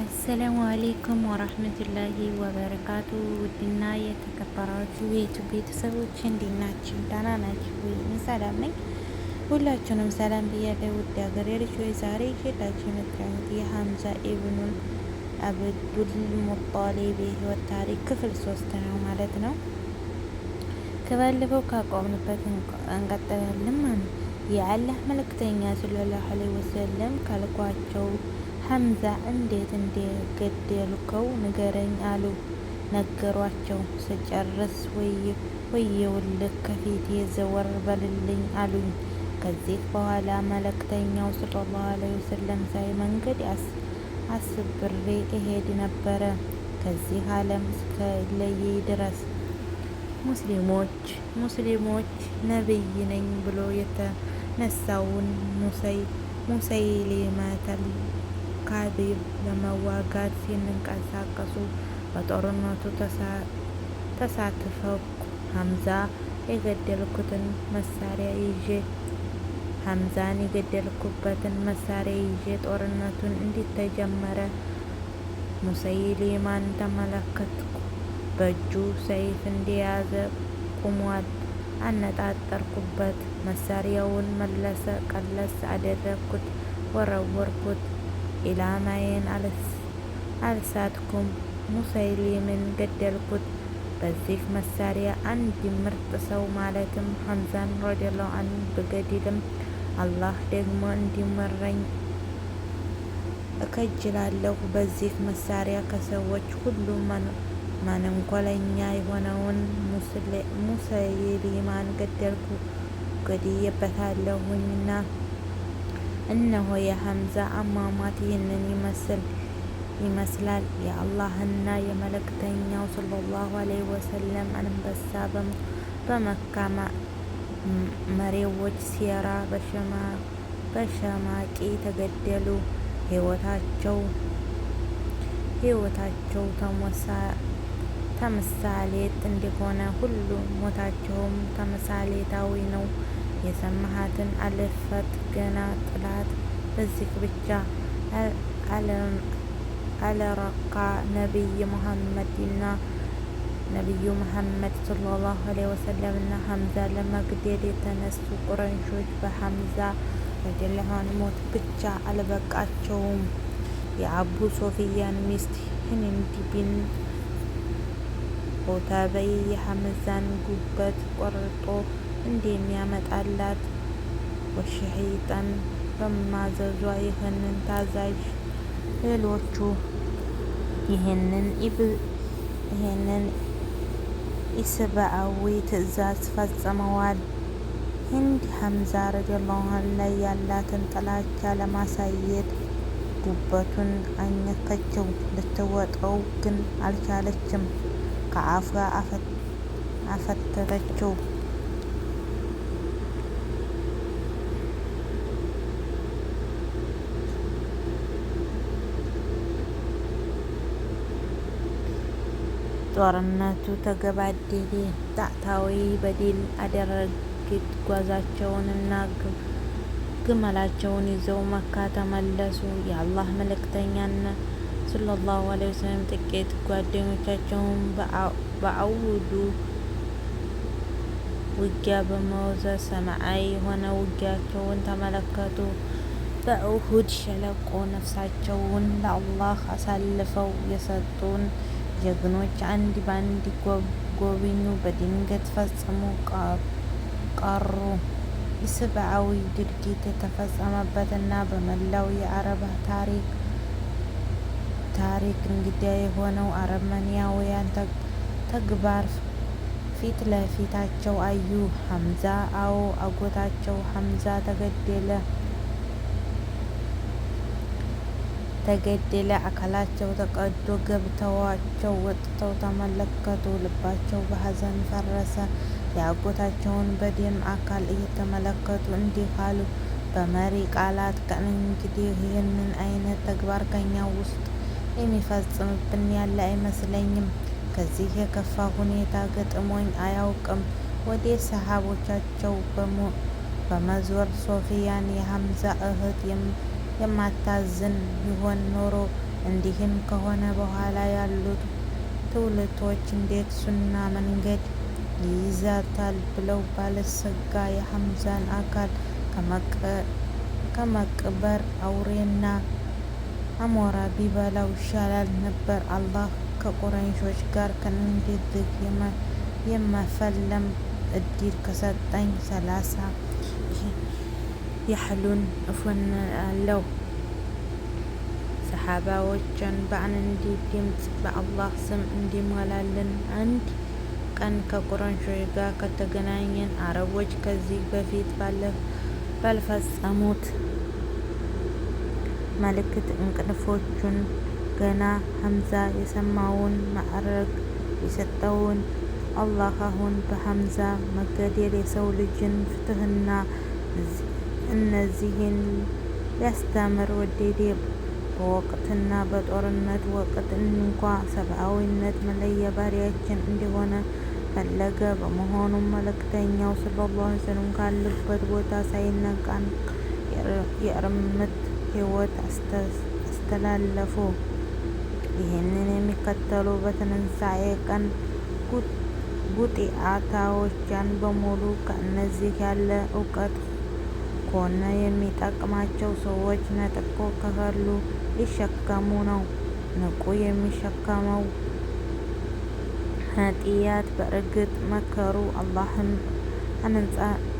አሰላሙ አሌይኩም ወራህመቱላሂ ወበረካቱ። ውድና የተከበራችሁ የዩቱብ ቤተሰቦች እንዴት ናችሁ? ደህና ናችሁ ሰላም ነኝ። ሁላችሁንም ሰላም ብያለሁ። ውድ ሀገሬ ልጆች ዛሬ ይዤላችሁ የመጣሁት የሀምዛ ኢብኑል አብዱል ሙጣሊብ የህይወት ታሪክ ክፍል ሶስት ነው ማለት ነው። ከባለፈው ካቆምንበት እንቀጥላለን። የአላህ መልእክተኛ ሰለላሁ አለይሂ ወሰለም ካልኳቸው ሐምዛ እንዴት እንደገደልከው ንገረኝ አሉ። ነገሯቸው። ስጨርስ ወየውልህ ከፊቴ ዘወር በልልኝ አሉኝ። ከዚህ በኋላ መልእክተኛው ሰለላሁ ዐለይሂ ወሰለም ሳይ መንገድ አስብሬ እሄድ ነበረ ከዚህ ዓለም እስከለየ ድረስ። ሙስሊሞች ሙስሊሞች ነብይ ነኝ ብሎ የተነሳውን ሙሰይሊመተል ካሊብ ለመዋጋት ሲንቀሳቀሱ በጦርነቱ ተሳትፈው ሐምዛ የገደልኩትን መሳሪያ ይዤ ሐምዛን የገደልኩበትን መሳሪያ ይዤ ጦርነቱን እንዲተጀመረ ሙሰይሊማን ተመለከትኩ። በእጁ ሰይፍ እንደያዘ ቁሟል። አነጣጠርኩበት። መሳሪያውን መለሰ። ቀለስ አደረግኩት፣ ወረወርኩት። ኢላማዬን አልሳትኩም። ሙሰይሊምን ገደልኩት። በዚህ መሳሪያ አንድ ምርጥ ሰው ማለትም ሐምዛን ረዲየላሁ አንሁ ብገድልም አላህ ደግሞ እንዲመረኝ እከጅላለሁ። በዚህ መሳሪያ ከሰዎች ሁሉ ማንንኮለኛ የሆነውን ሙሰይሊማን ገደልኩ፣ ገድየበታለሁኝና እነሆ የሐምዛ አሟሟት ይህንን ይመስል ይመስላል። የአላህና የመልእክተኛው ሰለላሁ ዐለይሂ ወሰለም አንበሳ በመካ መሪዎች ሴራ በሸማቂ ተገደሉ። ህይወታቸው ህይወታቸው ተምሳሌት እንደሆነ ሁሉ ሞታቸውም ተምሳሌታዊ ነው። የሰማሃትን አልፈት ገና ጥላት በዚህ ብቻ አለረካ ነቢይ መሐመድና ነቢዩ መሐመድ ሰለላሁ ዐለይሂ ወሰለም እና ሐምዛ ለመግደል የተነሱ ቁረይሾች በሐምዛ ረዲየላሁ ሞት ብቻ አልበቃቸውም። የአቡ ሶፊያን ሚስት ሂንድ ቢን ዑተበይ የሐምዛን ጉበት ቆርጦ እንደሚያመጣላት ወሸይጣን በማዘዟ ይህንን ታዛዥ ሌሎቹ ይህንን ይህንን ኢሰብአዊ ትዕዛዝ ፈጽመዋል። ህንድ ሐምዛ ረዲየላሁ ዐንሁ ላይ ያላትን ጥላቻ ለማሳየት ጉበቱን አኘከችው። ልትወጠው ግን አልቻለችም። ከአፏ አፈተተችው። ጦርነቱ ተገባደደ። ጣታዊ በድል ጓዛቸውን ጓዛቸውንና ግመላቸውን ይዘው መካ ተመለሱ። የአላህ መልእክተኛና ሰለላሁ ዐለይሂ ወሰለም ጥቂት ጓደኞቻቸውን በአውዱ ውጊያ በመውዘ ሰማዓዊ የሆነ ውጊያቸውን ተመለከቱ። በኡሁድ ሸለቆ ነፍሳቸውን ለአላህ አሳልፈው የሰጡን ጀግኖች አንድ ባንድ ጎብኙ በድንገት ፈጽሞ ቀሩ። ኢሰብአዊ ድርጊት የተፈጸመበትና በመላው የአረብ ታሪክ ታሪክ እንግዳ የሆነው አረመንያውያን ተግባር ፊት ለፊታቸው አዩ። ሐምዛ አዎ አጎታቸው ሐምዛ ተገደለ። ተገደለ። አካላቸው ተቀዶ ገብተዋቸው ወጥተው ተመለከቱ። ልባቸው በሀዘን ፈረሰ። የአጎታቸውን በደም አካል እየተመለከቱ እንዲህ አሉ በመሪ ቃላት ከእንግዲህ ይህንን አይነት ተግባር ከኛ ውስጥ የሚፈጽምብን ያለ አይመስለኝም። ከዚህ የከፋ ሁኔታ ገጥሞኝ አያውቅም። ወደ ሰሃቦቻቸው በመዞር ሶፊያን የሀምዛ እህት የማታዝን ቢሆን ኖሮ እንዲህም ከሆነ በኋላ ያሉት ትውልቶች እንዴት ሱና መንገድ ይይዛታል ብለው ባለሰጋ የሐምዛን አካል ከመቅበር አውሬና አሞራ ቢበላው ይሻላል ነበር። አላህ ከቁረይሾች ጋር ከእንድድግ የመፈለም እድል ከሰጠኝ ሰላሳ ያህሉን እፎን አለው። ሰሓባዎችን በአንድ ድምፅ በአላህ ስም እንዲሞላልን አንድ ቀን ከቁረንሾች ጋር ከተገናኘን አረቦች ከዚህ በፊት ባልፈጸሙት መልክት እንቅልፎቹን ገና ሀምዛ የሰማውን ማዕረግ የሰጠውን አላህ አሁን በሀምዛ መገደል የሰው ልጅን ፍትህና እነዚህን ሊያስተምር ወደዴ። በወቅትና በጦርነት ወቅት እንኳ ሰብአዊነት መለያ ባህሪያችን እንደሆነ ፈለገ። በመሆኑም መልእክተኛው ሰለላሁ ዐለይሂ ወሰለም ካሉበት ቦታ ሳይነቃን የእርምት ህይወት አስተላለፉ። ይህንን የሚከተሉ በትንሣኤ ቀን ጉጢአታዎችን በሙሉ ከእነዚህ ያለ እውቀት ከሆነ የሚጠቅማቸው ሰዎች ነጥቆ ከፈሉ ሊሸከሙ ነው። ንቁ የሚሸከመው ኃጢአት በእርግጥ መከሩ አላህን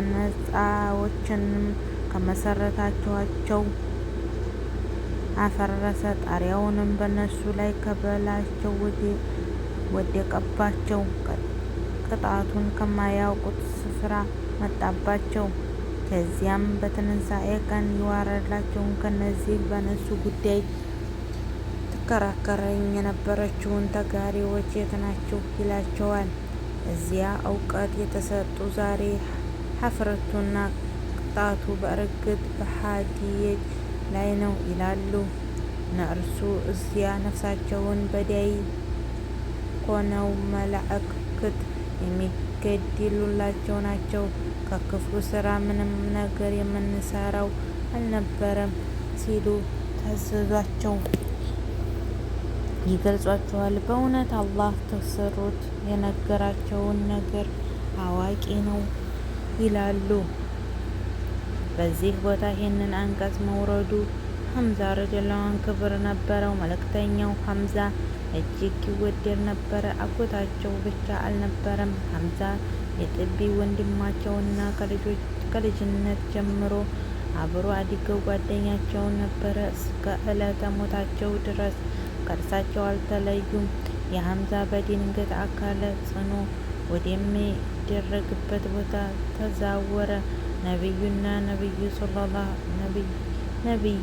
አነጻዎችንም ከመሰረታቸው አፈረሰ። ጣሪያውንም በነሱ ላይ ከበላቸው ወደቀባቸው። ቅጣቱን ከማያውቁት ስፍራ መጣባቸው። ከዚያም በትንሳኤ ቀን የዋረላቸውን ከነዚህ በነሱ ጉዳይ ትከራከረኝ የነበረችውን ተጋሪዎች የት ይላቸዋል። እዚያ እውቀት የተሰጡ ዛሬ ሀፍረቱና ቅጣቱ በእርግጥ በሀዲዬ ላይ ነው ይላሉ። ነርሱ እዚያ ነፍሳቸውን በዳይ ኮነው መላእክት የሚገድሉላቸው ናቸው። ከክፍሉ ስራ ምንም ነገር የምንሰራው አልነበረም ሲሉ ታዘዟቸው ይገልጿቸዋል። በእውነት አላህ ተሰሩት የነገራቸውን ነገር አዋቂ ነው ይላሉ። በዚህ ቦታ ይህንን አንቀጽ መውረዱ ሀምዛ ረጀላዋን ክብር ነበረው። መልእክተኛው ሀምዛ እጅግ ይወደድ ነበረ። አጎታቸው ብቻ አልነበረም። ሀምዛ የጥቢ ወንድማቸውና ከልጅነት ጀምሮ አብሮ አድገው ጓደኛቸው ነበረ። እስከ ዕለተ ሞታቸው ድረስ ከእርሳቸው አልተለዩም። የሀምዛ በድንገት አካለ ጽኑ ወደሚደረግበት ቦታ ተዛወረ። ነቢዩና ነቢዩ ነቢዩ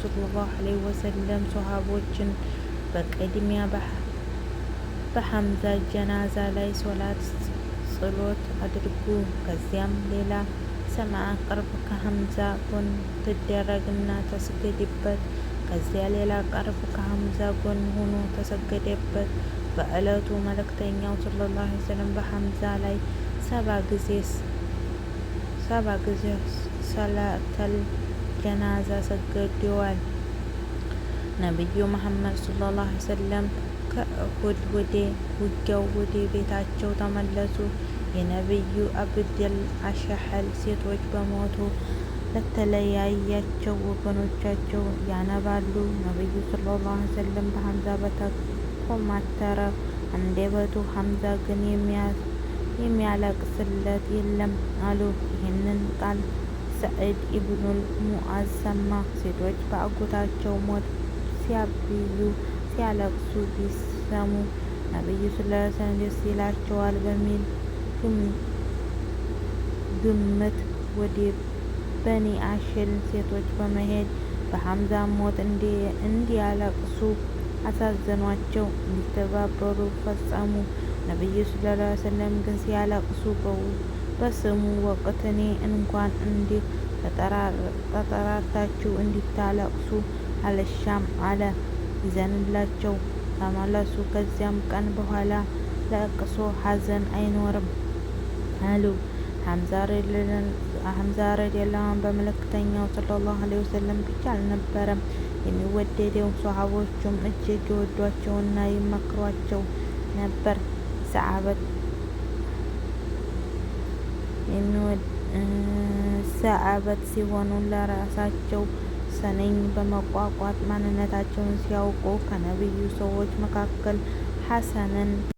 ሰለላሁ ዐለይሂ ወሰለም ሶሃቦችን በቅድሚያ በሐምዛ ጀናዛ ላይ ሶላት ጸሎት አድርጉ። ከዚያም ሌላ ሰማ ቅርብ ከሐምዛ ጎን ትደረግና ተሰገድበት ከዚያ ሌላ ቅርብ ከሐምዛ ጎን ሆኖ ተሰገደበት። በዕለቱ መልእክተኛው ሰለላሁ ዐለይሂ ወሰለም በሐምዛ ላይ ሰባ ጊዜ ሰላተል ጀናዛ ሰግደዋል። ነቢዩ መሐመድ ሰለላሁ ዐለይሂ ወሰለም ወደ ውጊያው ወደ ቤታቸው ተመለሱ። የነቢዩ አብደል አሻህል ሴቶች በሞቱ ለተለያያቸው ወገኖቻቸው ያነባሉ። ነቢዩ ሰለላሁ ዐለይሂ ወሰለም በሐምዛ በተኮማተረ አንደበቱ ሐምዛ ግን የሚያለቅስለት የለም አሉ። ይህንን ቃል ሰዕድ ኢብኑል ሙዓዝ ሰማ። ሴቶች በአጎታቸው ሞት ሲያብዩ ሲያለቅሱ ቢሰሙ ነቢዩ ሰለላሁ ዐለይሂ ደስ ይላቸዋል በሚል ግምት ወደ በኒ አሽል ሴቶች በመሄድ በሐምዛ ሞት እንዲያለቅሱ አሳዘኗቸው፣ እንዲተባበሩ ፈጸሙ። ነቢዩ ሰለላሁ ዐለይሂ ወሰለም ግን ሲያለቅሱ በስሙ ወቅትኔ እንኳን እንዲህ ተጠራርታችሁ እንዲታለቅሱ አለሻም አለ። ይዘንላቸው ተመለሱ። ከዚያም ቀን በኋላ ለቅሶ ሀዘን አይኖርም አሉ። ሐምዛ ረዲየላሁ በመልእክተኛው ሰለላሁ ዐለይሂ ወሰለም ብቻ አልነበረም የሚወደደው፣ ሶሐቦቹም እጅግ ይወዷቸውና ይመክሯቸው ነበር። ሰዓበት ሰአበት ሲሆኑ ለራሳቸው ሰነኝ በመቋቋት ማንነታቸውን ሲያውቁ ከነቢዩ ሰዎች መካከል ሐሰንን